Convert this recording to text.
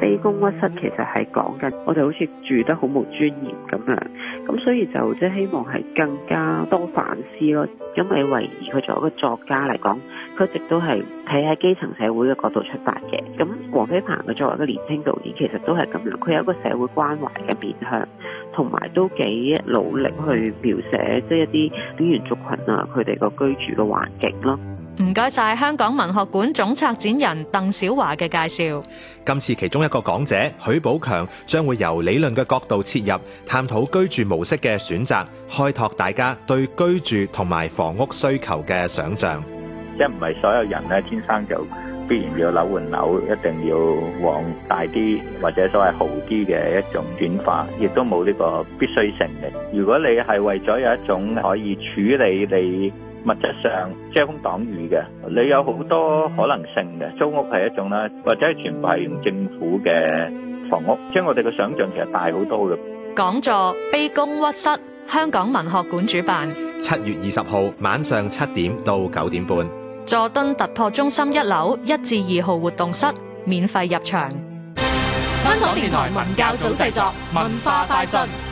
卑躬屈膝其實係講緊我哋好似住得好冇尊嚴咁樣，咁所以就即係希望係更加多反思咯。因為李維爾佢作為一個作家嚟講，佢一直都係睇喺基層社會嘅角度出發嘅。咁黃飛鵬佢作為一個年輕導演，其實都係咁樣，佢有一個社會關懷嘅面向，同埋都幾努力去描寫即係一啲原族群啊佢哋個居住嘅環境咯。唔該晒，香港文學館總策展人鄧小華嘅介紹。今次其中一個講者，許寶強，將會由理論嘅角度切入，探討居住模式嘅選擇，開拓大家對居住同埋房屋需求嘅想象。即係唔係所有人咧天生就。必然要樓換樓，一定要往大啲或者所謂豪啲嘅一種轉化，亦都冇呢個必須性嘅。如果你係為咗有一種可以處理你物質上遮風擋雨嘅，你有好多可能性嘅。租屋係一種啦，或者全部係用政府嘅房屋，將我哋嘅想象其實大好多咯。講座卑躬屈膝，香港文學館主辦，七月二十號晚上七點到九點半。佐敦突破中心一樓一至二號活動室，免費入場。香港電台文教組製作，文化快訊。